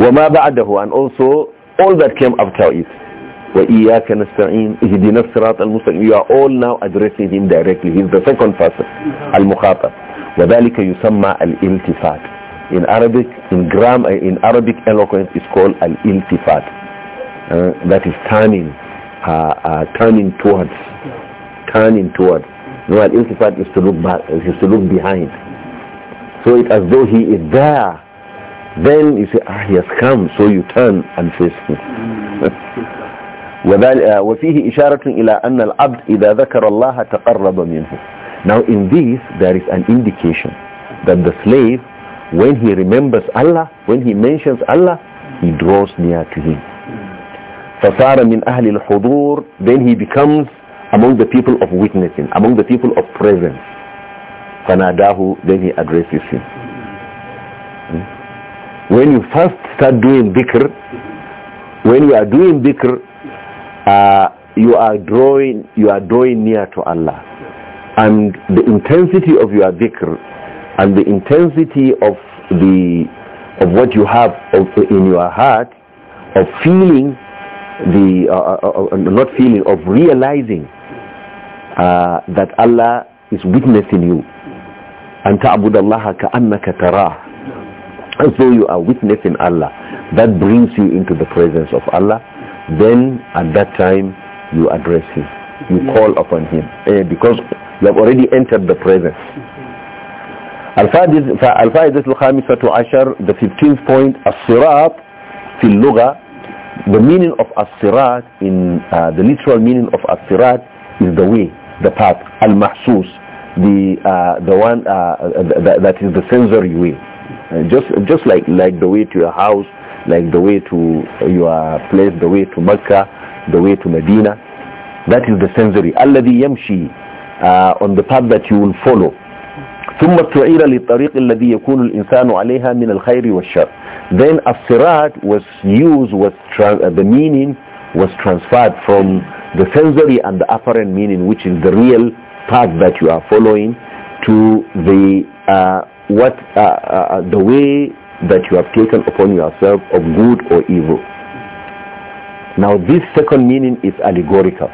A: وَمَا ba'dahu And also all that came after it. وَإِيَّاكَ نَسْتَعِينَ اهدنا الصراط المستقيم You are all now addressing him directly. He is the second person, mm. al وذلك يسمى الالتفات in Arabic in gram uh, in Arabic eloquence is called al-iltifat uh, that is turning uh, uh, turning towards turning towards no al-iltifat is to look back is to look behind so it as though he is there then you say ah he has come so you turn and face him uh, وفيه إشارة إلى أن العبد إذا ذكر الله تقرب منه now in this there is an indication that the slave, when he remembers Allah, when he mentions Allah, he draws near to him. فَصَارَ مِنْ أَهْلِ الْحُضُورِ Then he becomes among the people of witnessing, among the people of presence. فَنَادَاهُ Then he addresses him. Hmm? When you first start doing dhikr, when you are doing dhikr, uh, you are drawing you are drawing near to Allah and the intensity of your dhikr and the intensity of the of what you have of, in your heart of feeling the uh, uh, uh, uh not feeling of realizing uh, that Allah is witnessing you and ta'bud Allah ka'annaka tarah and so you are witnessing Allah that brings you into the presence of Allah then at that time you address him you call upon him eh, because you have already entered the presence. الفائدة tu ashar the 15th point sirat fil اللغة the meaning of sirat in uh, the literal meaning of sirat is the way the path المحسوس the uh, the one uh, th that is the sensory way uh, just just like like the way to your house like the way to your place the way to Mecca the way to Medina that is the sensory الذي يمشي uh, on the path that you will follow ثم التعير للطريق الذي يكون الإنسان عليها من الخير والشر then was used was uh, the meaning was transferred from the sensory and the apparent meaning which is the real path that you are following to the uh, what uh, uh the way that you have taken upon yourself of good or evil now this second meaning is allegorical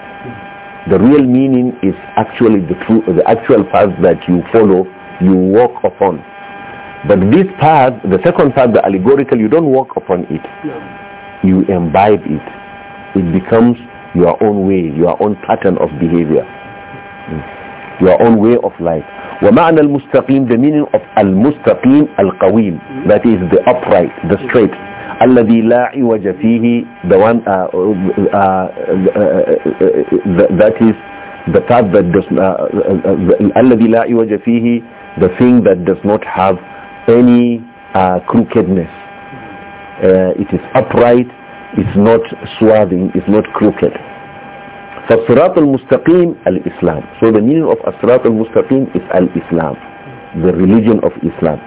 A: the real meaning is actually the, true, the actual path that you follow, you walk upon. But this path, the second path, the allegorical, you don't walk upon it. No. You imbibe it. It becomes your own way, your own pattern of behavior, your own way of life. ومعنى المستقيم, the meaning of al-mustaqim, al-qawim, is the upright, the straight. الذي لا عوج فيه the one that is the path that does الذي لا عوج فيه the thing that does not have any crookedness it is upright it's not swathing it's not crooked فالصراط المستقيم الإسلام so the meaning of الصراط المستقيم is الإسلام the religion of Islam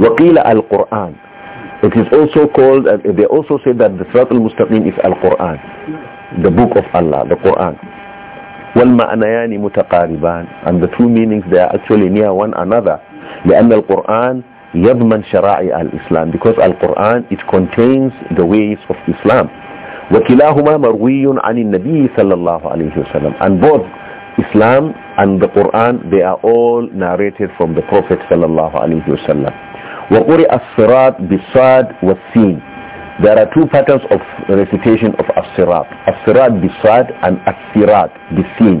A: وقيل القرآن It is also called, uh, they also say that the Sirat al-Mustaqim is Al-Quran, the book of Allah, the Quran. وَالْمَعْنَيَانِ مُتَقَارِبَانِ And the two meanings, they are actually near one another. لأن القرآن يضمن شرائع الإسلام because القرآن it contains the ways of Islam وكلاهما مروي عن النبي صلى الله عليه وسلم and both Islam and the Quran they are all narrated from the Prophet صلى الله عليه وسلم وَقُرِئَ الصِّرَاطِ بِالصَّادِ وَالسِّينِ There are two patterns of recitation of as-sirat. As-sirat bisad and as-sirat bisin.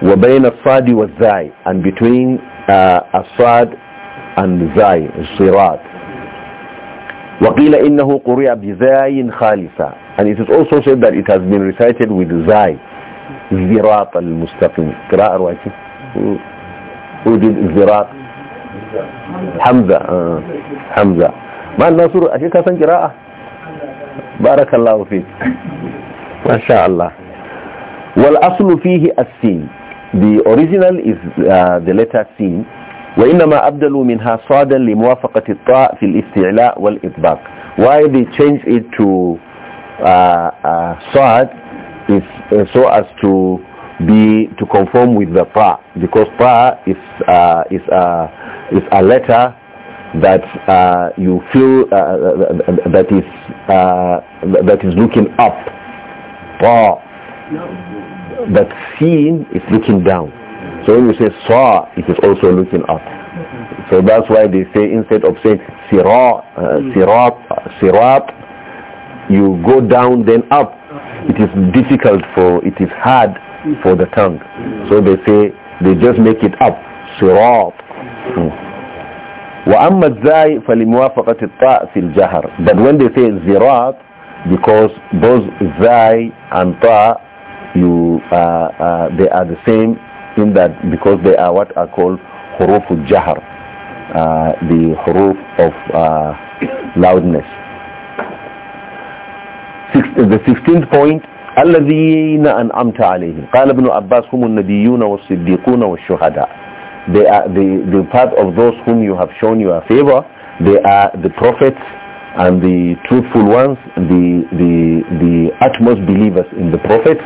A: وَبَيْنَ الصَّادِ zay. And between uh, as-sad and zai, sirat. وَقِيلَ إِنَّهُ قُرِئَ بِزَايٍ خَالِصًا And it is also said that it has been recited with zay, zai. زِرَاط المستقيم. قراءة روايتي. Who did zirat?
B: حمزه آه.
A: حمزه ما الناصر اشي كان قراءه بارك الله فيك ما شاء الله والاصل فيه السين the original is uh, the letter سين وانما ابدلوا منها صادا لموافقه الطاء في الاستعلاء والاطباق why they change it to صاد uh, uh, is uh, so as to be to conform with the ta because ta is uh, is a uh, is a letter that uh, you feel uh, uh that is uh, that is looking up or that seeing is looking down so when you say saw it is also looking up so that's why they say instead of saying sirat uh, hmm. sirat sirat you go down then up it is difficult for it is hard for the tongue so they say they just make it up sirat وأما الزاي فلموافقة الطاء في الجهر but when they say زراط because both زاي and طاء you uh, uh, they are the same in that because they are what are called حروف الجهر uh, the حروف of uh, loudness Six, the 16th point الذين أنعمت عليهم قال ابن عباس هم النبيون والصديقون والشهداء they are the, the of those whom you have shown your favor. They are the prophets and the truthful ones, the, the, the utmost believers in the prophets,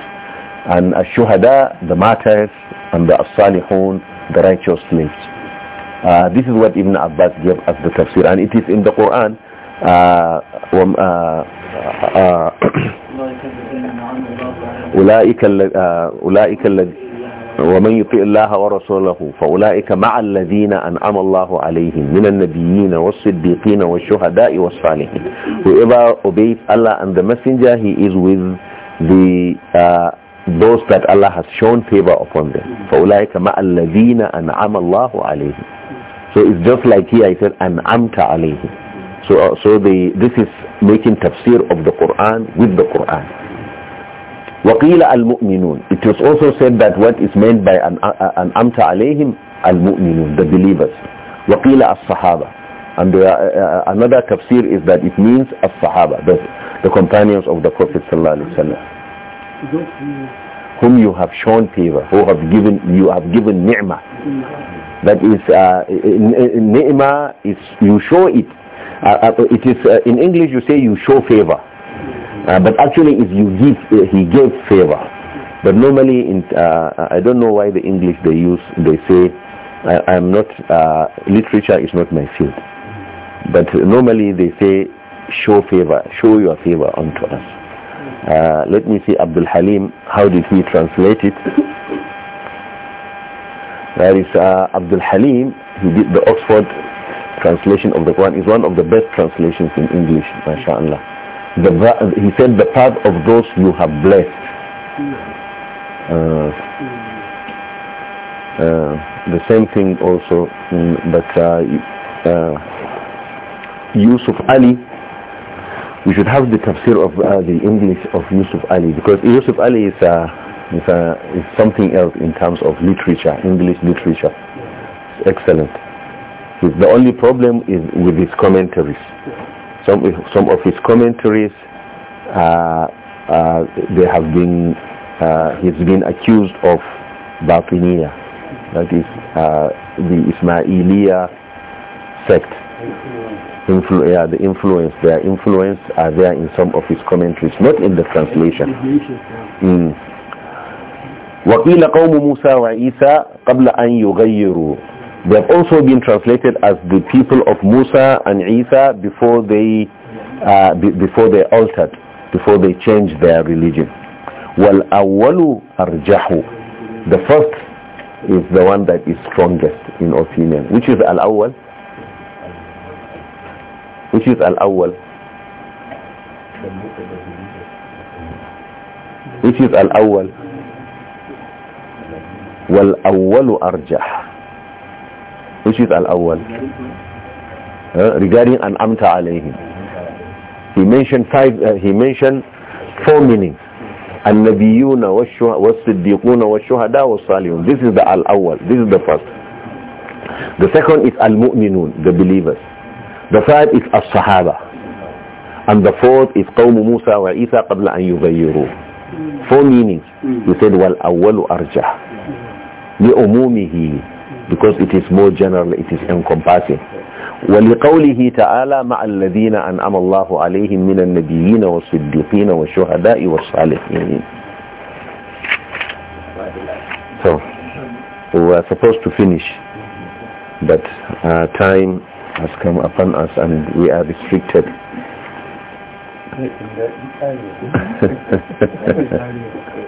A: and ash-shuhada, the martyrs, and the as-salihun, the righteous slaves. Uh, this is what Ibn Abbas gave as the tafsir, and it is in the Quran. Uh, um, uh, uh, أولئك الذين uh, ومن يطيع الله ورسوله فأولئك مع الذين أنعم الله عليهم من النبيين والصديقين والشهداء والصالحين whoever obeys Allah and the messenger he is with the uh, those that Allah has shown favor upon them فأولئك مع الذين أنعم الله عليهم so it's just like here I said أنعمت عليهم so, uh, so the, this is making tafsir of the Quran with the Quran وَقِيلَ الْمُؤْمِنُونَ It was also said that what is meant by an, an amta alayhim, al-mu'minun, the believers. وَقِيلَ as-sahaba. And the, uh, uh, another tafsir is that it means as-sahaba, the, the companions of the Prophet sallallahu whom you have shown favor, who have given, you have given ni'mah. That is, uh, ni'mah is, you show it. Uh, uh, it is, uh, in English you say you show favor. Uh, but actually, if you give, uh, he gave favor. But normally, in, uh, uh I don't know why the English they use, they say, I, am not, uh, literature is not my field. But normally they say, show favor, show your favor unto us. Uh, let me see Abdul Halim, how did he translate it? That is Abdul Halim, he did the Oxford translation of the Quran, is one of the best translations in English, mashallah. The, he said the path of those you have blessed. Uh, uh, the same thing also, but uh, Yusuf Ali, we should have the tafsir of uh, the English of Yusuf Ali because Yusuf Ali is, uh, is, uh, is something else in terms of literature, English literature. It's excellent. The only problem is with his commentaries. Some, some of his commentaries, uh, uh, they have been, uh, he's been accused of Batiniya, that is uh, the Ismailia sect. Influ- yeah, the influence, their influence are there in some of his commentaries, not in the translation. Mm. وقيل قوم موسى وعيسى قبل أن يغيروا they have also been translated as the people of Musa and Isa before they, uh, before they altered, before they changed their religion. وَالْأَوَّلُ أَرْجَحُ The first is the one that is strongest in opinion. Which is Al-Awwal? Which is Al-Awwal? Which is Al-Awwal? وَالْأَوَّلُ أَرْجَحُ which is al-awwal uh, regarding an amta alayhim he mentioned five uh, he mentioned four meanings النبيون والصديقون والشهداء والصالحون this is the al-awwal this is the first the second is al-mu'minun the believers the third is as-sahaba and the fourth is قوم موسى وعيسى قبل أن يغيروا four meanings he said والأول أرجح لأمومه because it is more general, it is encompassing. ولقوله تعالى مع الذين أنعم الله عليهم من النبيين والصديقين والشهداء والصالحين. So, we were supposed to finish, but uh, time has come upon us and we are restricted.